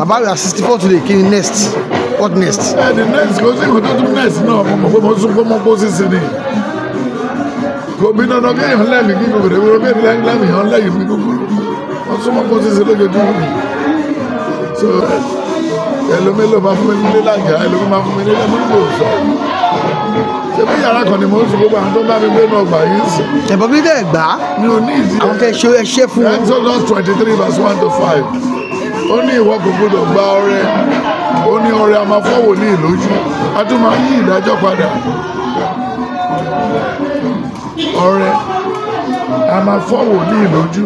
bàbá we are sixty four today kí ni next what next. ẹ eh, di next kò sí ìkòtò tún next náà mo mọ̀ pé mo tún kó mọ́ pósí sí ni kò bí dandan kéèyàn lẹ́mìí kí kòkòrò ewúro kéèyàn lẹ́mìí hàn lẹ́yìn mi kòkòrò mo tún mọ́ pósí sí lójoojúmọ́ mi so ẹlòmílò máa fún mi nílé lága ẹlòmí máa fún mi nílé lórí òòsọ ṣebí yàrá kan ni mo ń sùn gbogbo àwọn tó bá mi gbé náà gbà yín sùn. ẹ̀bọ̀n mi dẹ̀ gbà. mi ò ní ìdí. àwọn tẹ ṣe ẹṣẹ́ fún exodus twenty three verse one to five ó ní ìwọ kò gbọdọ̀ gba ọrẹ ó ní ọrẹ a máa fọ́wọ́ ní ìlójú a tún máa yí ìdájọ́ padà ọrẹ a máa fọ́wọ́ ní ìlójú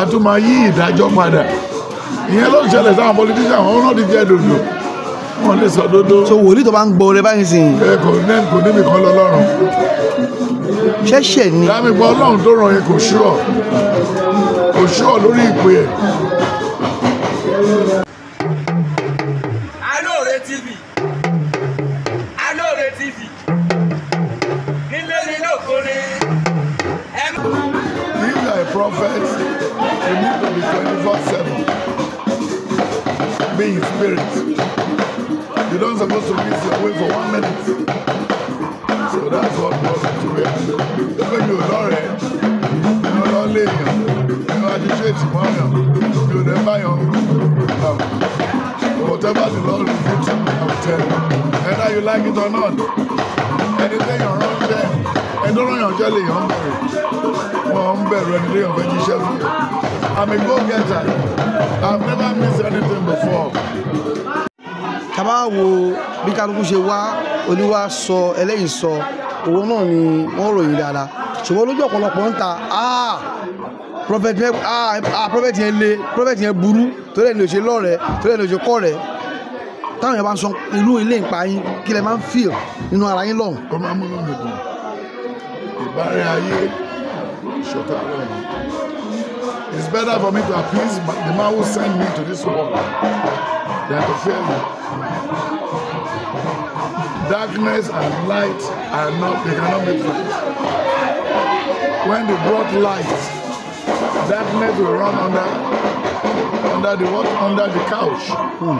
a tún máa yí ìdájọ́ padà ìyẹn ló ń ṣẹlẹ̀ sáwọn politician wọn náà ti jẹ́ dòdò wọn lè sọ dòdò. so wòlíì tó bá ń gbọ́ ọrẹ báyìí sìn. ẹ kò ní kò níbi kan lọ lọ́rùn. ṣẹ́ṣẹ̀ ni. dábìbọn ọlọ́run tó ràn yẹn kò ṣúrọ̀ kò ṣúrọ̀ lórí ìpè ẹ̀. Alore TV Alore TV nílé ní lókòrè. If you are a prophet, you need to be 24/7. seven Be in spirit. You don't supposed to miss your way for one minute. So that's what God do. Ẹgbẹ́ mi ò lọ́rẹ̀ẹ́, ẹ̀rọ lé èèyàn, ẹ̀rọ àdìsẹ́ ìtìmọ́ èèyàn, mi ò never báyọ̀ welcome. Whatever the Lord is good to me, I Whether you like it or not, anything you're wrong there, ẹdọ́rọ̀ yàn jẹ́ lè yàn ń bẹ̀rẹ̀. Wọ́n ń bẹ̀rẹ̀ ẹni lè yàn fẹ́ I'm a go-getter. I've never missed anything before. Tàbá wo bí kálukú ṣe wá, oníwà sọ, ẹlẹ́yìn sọ, òun náà ni wọ́n ròyìn dáadáa ṣùgbọ́n lójú ọ̀pọ̀lọpọ̀ ń ta prophet yẹn le prophet yẹn burú torí ẹni ò ṣe torí ẹni ò ṣe táwọn yẹn bá ń sọ inú ilé ìpa yín kí lẹ máa ń feel nínú ara yín lọ́hùn. kọ́ máa mi dùn ìbára ayé ìṣọ̀tà rẹ̀ It's better for me to appease the man who sent me to this world than to fear him. Darkness and light are not, they cannot be friends when they brought light, darkness will run under under the what under the couch. Hmm.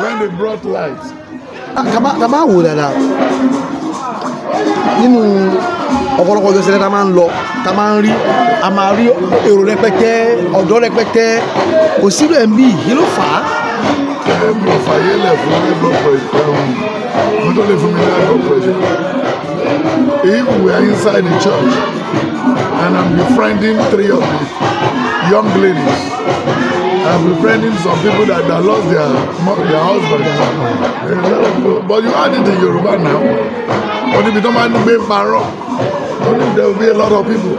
When they brought light. Ah, Kàmá wò dáadáa nínú ọ̀pọ̀lọpọ̀ ọjọ́ sẹ́lẹ̀ tá a máa ń lọ tá a máa ń rí a máa rí èrò rẹpẹtẹ ọ̀dọ́ rẹpẹtẹ kò sílò ẹ̀ ń bí yìí ló fà á. Ẹ mọ̀ fàyẹ́lẹ̀ fún ẹgbẹ́ ọ̀pọ̀ ìpẹ́rùn-ún, tó lè fún mi ní ẹgbẹ́ ọ̀pọ̀ ìṣẹ́ if we are inside the church and I'm befriending three of the young ladies, I'm befriending some people that, that lost their, their husband. Eh, but you add it in Yoruba now. But if you don't mind being barren, there will be a lot of people.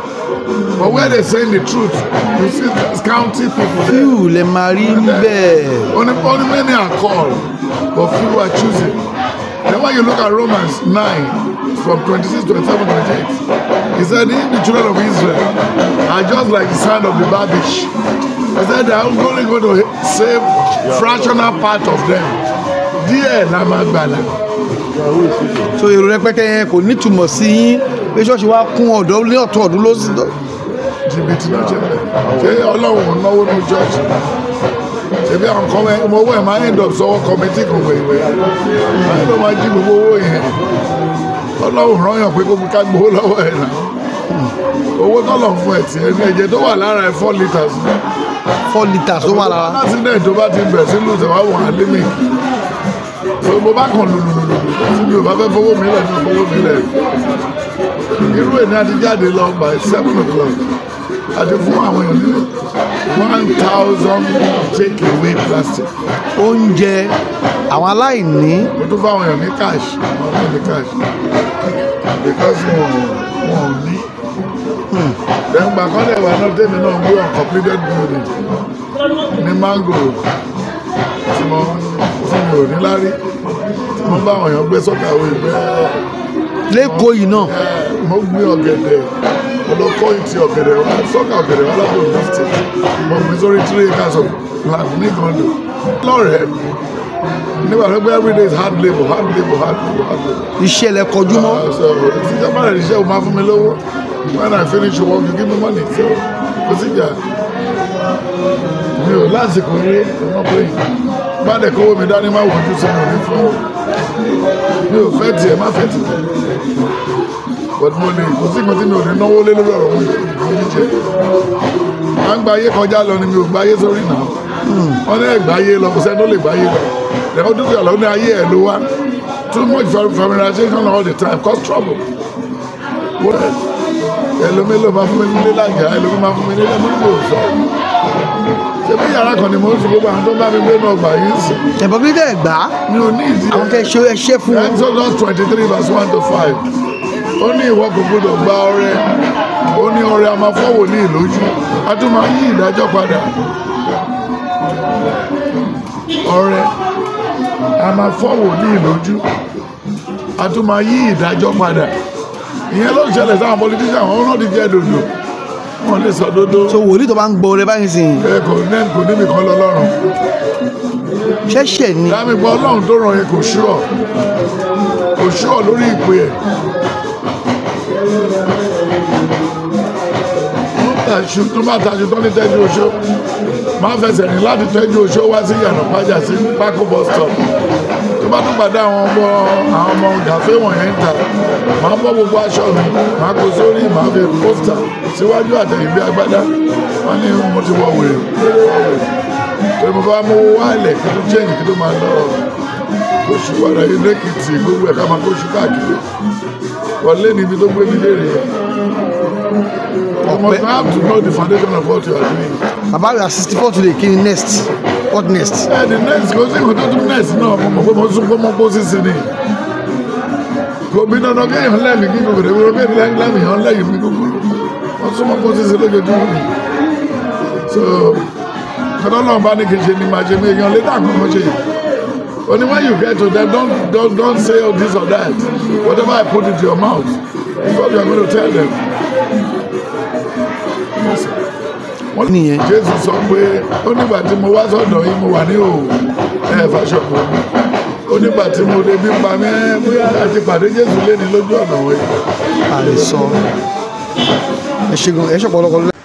But where they saying the truth, you see there's county people there. Few, le mari níbẹ̀. Only, only many are called, but few are choosing. Then when you look at Romans 9, from 26 to 27, 28, he said, If the children of Israel are just like the sand of the babish, he said, I'm only going to save fractional part of them. Dear, la máa gbàlà. So èrò rẹpẹtẹ yẹn kò nítumọ̀ sí yín pé ṣọ́ọ̀ṣì wa kún ọ̀dọ́ ní ọ̀tún ọ̀dún ló sì dọ̀. Jìbìtì ló jẹ́ Ọlọ́run náwó ní jọ́ọ̀ṣì? ebi àwọn kan mẹ mo wọ ẹ máa end up sọwọ kọmitì kan pẹ̀lú ẹ ló máa jí gbogbo owó yẹn ọlọ́run rán yàn pé gbogbo ká gbowó lọ́wọ́ ẹ̀ náà owó tọ́lọ̀ fún ẹ̀ tiẹ̀ ní ẹ̀jẹ̀ tó wà lára ẹ̀ four litres. four litres tó wà lára. láti náà tó bá ti bẹ̀ sílùú tẹ̀wá wọ̀ alímì mo bá kàn lùlùlù tí mi ò bá fẹ́ fowó mi lẹ̀ fowó mi lẹ̀ irú ẹ̀ ní a lọ by seven o'clock àti fún àwọn èèyàn one thousand take away plastic. oúnjẹ àwọn aláìní. mo tún fáwọn èèyàn ní cash àwọn èèyàn ní cash because wọn wọn ò ní. lẹ́gbàá hmm. kan lè wà náà tèmi náà gbé uncompleted building ní mango tí mo tí mi ò ní lárí tí mo bá àwọn èèyàn gbé sọ́kàwé ìgbẹ́. lẹ́kọ̀ọ́ yìí náà. Eh, mo gbé ọ̀gẹ̀dẹ̀ olóko ìtì ọ̀gẹ̀dẹ̀ wa sọ́kà ọ̀gẹ̀dẹ̀ wa lọ́dún fifty mo fi sórí three acres of land ní Ìkòròdú lọ́rẹ̀ẹ́ nígbà tó gbé everyday is hard labour hard labour hard labour hard labour. iṣẹ́ lẹ kọjú mọ́. Ah, ìjọba rẹ̀ iṣẹ́ o máa fún mi lówó when I finish work you give me money so kò sí jà mi ò lásìkò rí ọmọ pé bá dẹ̀ kówó mi dání má wọ́n ojú sọ̀rọ̀ mi fún mi ò fẹ́ tiẹ̀ má fẹ́ tiẹ̀ but mo lè kó sí nǹkan tí mi ò ní náwó lé lórí ọ̀rọ̀ mi jíjẹ à ń gba ayé kọjá lọ ni mi ò gba ayé sórí náà wọn ní ẹgbà ayé lọ kò sẹ́ni tó lè gba ayé lọ lẹ́yìn tó yà lọ ní ayé ẹ̀ ló wá too much familiarization all the time cause trouble ẹlòmílò máa fún mi nílé lájà ẹlòmí máa fún mi nílé mọ́tò sọ ṣebí yàrá kan ni mo ń sùn gbogbo àwọn tó bá mi gbé náà gbà yín sí. ẹ̀bọ̀n mi dẹ̀ gbà. mi ò ní ìdí. àwọn tẹ ṣe fún exodus twenty three verse one to five ó ní ìwọ kò gbọdọ̀ gba ọrẹ ó ní ọrẹ a máa fọ́wọ́ ní ìlójú a tún máa yí ìdájọ́ padà ọrẹ a máa fọ́wọ́ ní ìlójú a tún máa yí ìdájọ́ padà ìyẹn ló ń ṣẹlẹ̀ sáwọn politician wọn náà ti jẹ́ dòdò wọn lè sọ dòdò. so wòlíì tó bá ń gbọ́ ọrẹ báyìí sìn. ẹ kò ní kò níbi kan lọ lọ́rùn. ṣẹ́ṣẹ̀ ni. dáàmì gbọ́ ọlọ́run tó ràn yẹn kò ṣúọ̀ kò ṣúọ̀ lórí ìpè ẹ̀ ẹ̀ṣù tó máa tajú tó ní tẹ́jú oṣó máa fẹsẹ̀ rìn láti tẹ́jú oṣó wá sí yàrá pàjá sí pákó bus stop tó bá tún pàdé àwọn ọmọ àwọn ọmọ gàfé wọ̀nyí ń ta máa bọ́ gbogbo aṣọ mi máa kó sórí máa fi pósítà síwájú àtẹ̀yìnbí agbádá wọ́n ní mo ti wọ̀ wèrè torí mo fẹ́ mú wálẹ̀ kí tó jẹ́ ìyìn kí tó máa lọ́rọ̀ oṣù wàrà yìí lẹ́kìtì gbogbo ẹ̀ka máa kóṣù káàkiri wọ́n lé níbi tó gbé mi léèrè yẹn. ọmọ you have to know the foundation of what you are doing. bàbá rẹ̀ sixty four today kí ni next what next. ẹ the next kò sí ìwé tó tún next náà mo mọ̀ pé mo sún pọ́nmọ́ pọ́ sísè ni kò bí dandan kéèyàn lẹ́mìí kí kòkòrò ewúro kéèyàn lẹ́mìí hàn lẹ́yìn mi kúkúrú wọ́n sún pọ́nmọ́ sísè lójoojúmọ́ mi so kọ́tọ́ náà bá ní kí n ṣe ni màá ṣe mi èèyàn lé dàgbọ́n mo ṣe yìí. Only when you get to them, don't, don't, don't say oh, this or that. Whatever I put into your mouth is what you are going to tell them. wọ́n nìyẹn Jésù sọ pé ó nígbà tí mo wá sọ́dọ̀ yìí mo wà ní òòrùn ẹ̀ fàṣọpọ̀ ó nígbà tí mo débi pa mí ẹ́ bóyá àti pàdé Jésù lé ní lójú ọ̀nà wẹ̀. àlè sọ ẹ ṣe gan ẹ ṣe ọ̀pọ̀lọpọ̀ lọ.